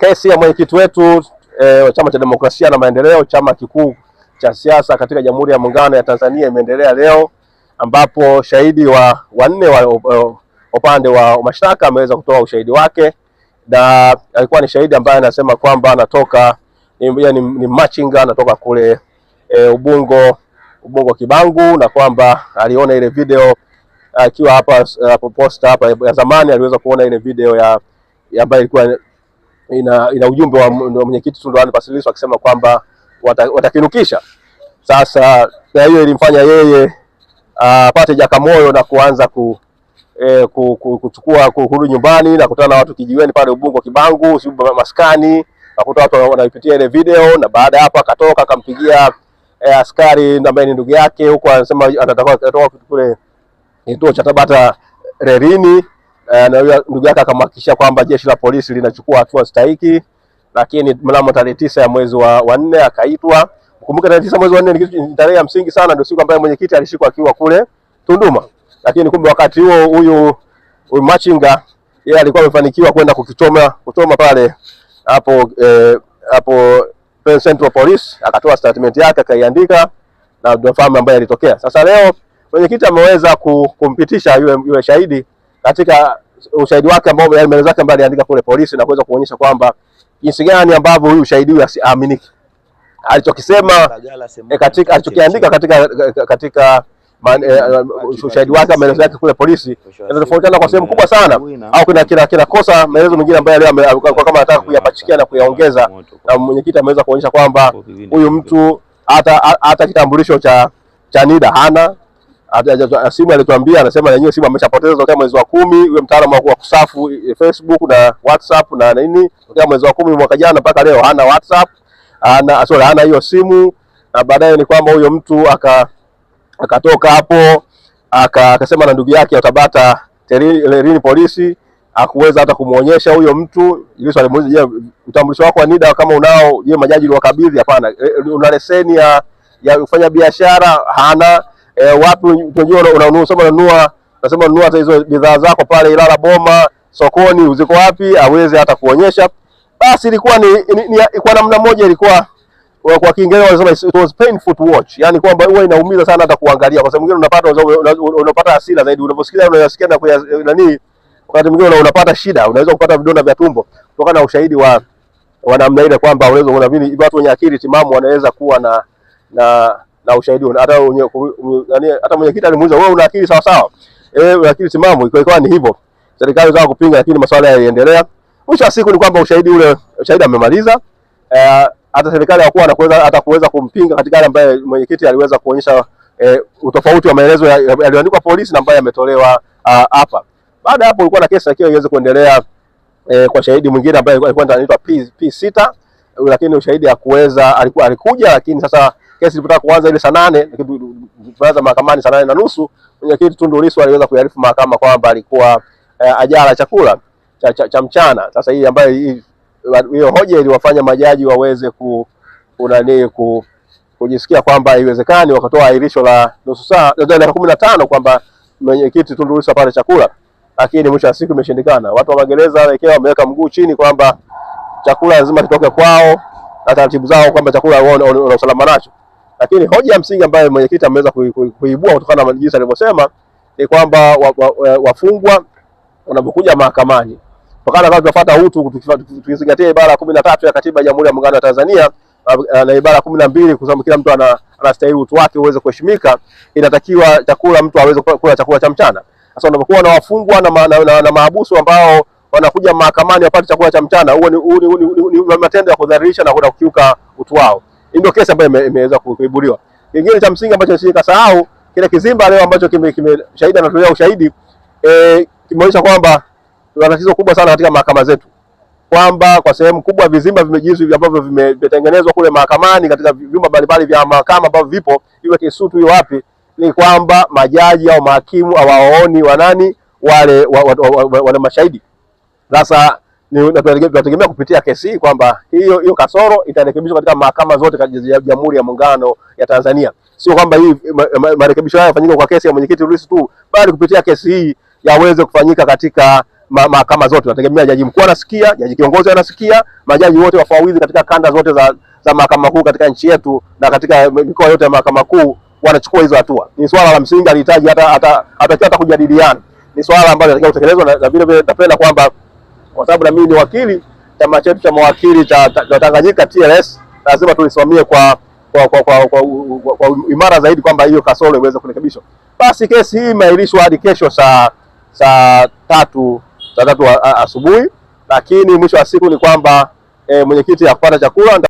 Kesi ya mwenyekiti wetu e, wa Chama cha Demokrasia na Maendeleo, chama kikuu cha siasa katika Jamhuri ya Muungano ya Tanzania imeendelea leo, ambapo shahidi wa wanne wa upande wa mashtaka ameweza kutoa ushahidi wake, na alikuwa ni shahidi ambaye anasema kwamba anatoka ni, ni, ni machinga anatoka kule e, Ubungo Ubungo Kibangu, na kwamba aliona ile video akiwa hapa, hapo posta hapa ya zamani aliweza kuona ile video ya ambayo ilikuwa ina, ina ujumbe wa mwenyekiti Tunduani Basiliso akisema kwamba watakinukisha wata sasa, na hiyo ilimfanya yeye ah, apate jakamoyo na kuanza ku, eh, ku, ku, kuchukua kurudi nyumbani na kutana na watu kijiweni pale Ubungo Kibangu sibu maskani, nakuta watu wanaipitia ile video, na baada ya hapo akatoka akampigia eh, askari ambaye ni ndugu yake huko, anasema anataka kutoka kule kituo cha Tabata rerini Eh, na huyo ndugu yake akamhakikishia kwamba jeshi la polisi linachukua hatua stahiki, lakini mnamo tarehe tisa ya mwezi wa nne akaitwa. Kumbuka tarehe tisa mwezi wa nne ni tarehe ya msingi sana, ndio siku ambayo mwenyekiti alishikwa akiwa kule Tunduma, lakini kumbe wakati huo huyu huyu Machinga yeye alikuwa amefanikiwa kwenda kukichoma kuchoma pale hapo eh, hapo eh, Central Police akatoa statement yake akaiandika, na tunafahamu ambaye alitokea. Sasa leo mwenyekiti ameweza kumpitisha yule, yule shahidi katika ushahidi wake ambao yaani maelezo yake ambayo aliandika kule polisi na kuweza kuonyesha kwamba jinsi gani ambavyo huyu ushahidi huyu asiaminiki alichokisema e, katika alichokiandika katika eh, eh, katika ushahidi wake maelezo yake kule polisi yanatofautiana kwa sehemu kubwa sana, au kuna kila kila kosa maelezo mengine ambayo leo kama anataka kuyapachikia na kuyaongeza, na mwenyekiti ameweza kuonyesha kwamba huyu mtu hata hata kitambulisho cha cha NIDA hana Simba alituambia anasema yenyewe Simba ameshapoteza tokea mwezi wa kumi, yule mtaalamu wa kusafu eh, Facebook na WhatsApp na nini, tokea mwezi wa kumi mwaka jana mpaka leo hana WhatsApp, ana ah, sorry, hana hiyo simu. Na baadaye ni kwamba huyo mtu aka akatoka hapo aka, akasema na ndugu yake atabata Lerini polisi akuweza hata kumuonyesha huyo mtu. Lissu alimuuliza, je, utambulisho wako wa NIDA kama unao, je, majaji uliwakabidhi? Hapana. Eh, una leseni ya ya kufanya biashara? Hana e, watu tunajua unanunua, sema unanunua, nasema nunua hata hizo bidhaa zako pale Ilala Boma sokoni, uziko wapi? aweze hata kuonyesha. Basi ilikuwa ni, ni, ni kwa namna moja ilikuwa kwa Kiingereza wanasema it was painful to watch, yani kwamba huwa inaumiza sana hata kuangalia, kwa sababu mwingine unapata unapata hasira zaidi unaposikia unayasikia na nani, wakati mwingine unapata shida, unaweza kupata vidonda vya tumbo kutokana na ushahidi wa wa namna ile, kwamba unaweza kuna vile watu wenye akili timamu wanaweza kuwa na na na ushahidi hata yani, hata mwenyekiti alimuuliza wewe una akili sawa sawa, eh, una akili timamu. Iko ikawa ni hivyo, serikali zao kupinga, lakini masuala yaliendelea. Mwisho wa siku ni kwamba ushahidi ule, ushahidi amemaliza eh, hata eh, serikali hakuwa na kuweza hata kuweza kumpinga katika yale ambayo mwenyekiti aliweza kuonyesha eh, utofauti wa maelezo yaliyoandikwa ya, ya, polisi na ambayo yametolewa ah, hapa. Uh, baada hapo ulikuwa na kesi lakini iweze kuendelea eh, kwa shahidi mwingine ambaye alikuwa anaitwa P, P sita, lakini ushahidi hakuweza alikuwa alikuja, lakini sasa kesi ilipotaka kuanza ile saa nane tunaanza mahakamani saa nane na nusu, mwenyekiti Tundu Lissu aliweza kuiarifu mahakama kwamba alikuwa eh, ajala chakula cha, cha, cha mchana. Sasa hii ambayo hiyo hoja iliwafanya majaji waweze ku unani ku kujisikia kwamba haiwezekani, wakatoa ahirisho la nusu saa dakika kumi na tano kwamba mwenyekiti Tundu Lissu apate chakula, lakini mwisho wa siku imeshindikana. Watu wa magereza wakiwa wameweka mguu chini kwamba chakula lazima kitoke kwao na taratibu zao kwamba chakula wao na usalama nacho. Lakini hoja ya msingi ambayo mwenyekiti ameweza kuibua kutokana na jinsi alivyosema ni kwamba wafungwa wanapokuja mahakamani kutokana kama tunafuata utu tukizingatia ibara ya kumi na tatu ya katiba ya Jamhuri ya Muungano wa Tanzania uh, na ibara ya kumi na mbili kwa sababu kila mtu anastahili utu wake uweze kuheshimika, inatakiwa chakula mtu aweze kula chakula cha mchana. Sasa unapokuwa na wafungwa na, na, na, na mahabusu ambao wanakuja mahakamani wapate chakula cha mchana, huo ni matendo ya kudhalilisha na kukiuka utu wao ndio kesi ambayo imeweza kuibuliwa. Kingine cha msingi ambacho sisi kasahau kile kizimba leo ambacho kime, kime shahidi anatolea ushahidi eh, kimeonyesha kwamba tuna tatizo kubwa sana katika mahakama zetu kwamba kwa sehemu kubwa vizimba vimejizu hivi ambavyo vimetengenezwa kule mahakamani katika vyumba mbalimbali vya mahakama ambavyo vipo iwe Kisutu iwe wapi, ni kwamba majaji au mahakimu hawaoni wanani wale wa, wa, wa, wa, wa, wa, wa, wa mashahidi sasa tunategemea kupitia kesi hii kwamba hiyo hiyo kasoro itarekebishwa katika mahakama zote za Jamhuri ya Muungano ya Tanzania. Sio kwamba hii marekebisho haya yafanyike kwa kesi ya mwenyekiti Lissu tu, bali kupitia kesi hii yaweze kufanyika katika mahakama zote. Tunategemea jaji mkuu anasikia, jaji kiongozi anasikia, majaji wote wafawidhi katika kanda zote za, za mahakama kuu katika nchi yetu na katika mikoa yote ya mahakama kuu wanachukua hizo hatua. Ni swala la msingi, alihitaji hata hata hata kujadiliana. Ni swala ambalo linatakiwa kutekelezwa na vile vile napenda kwamba kwa sababu na mimi ni wakili. Chama chetu cha mawakili cha Tanganyika TLS lazima tulisimamie kwa kwa, kwa, kwa, kwa, kwa, kwa imara zaidi kwamba hiyo kasoro iweze kurekebishwa. Basi kesi hii imeahirishwa hadi kesho saa saa tatu saa tatu asubuhi, lakini mwisho wa siku ni kwamba e, mwenyekiti hakupata chakula.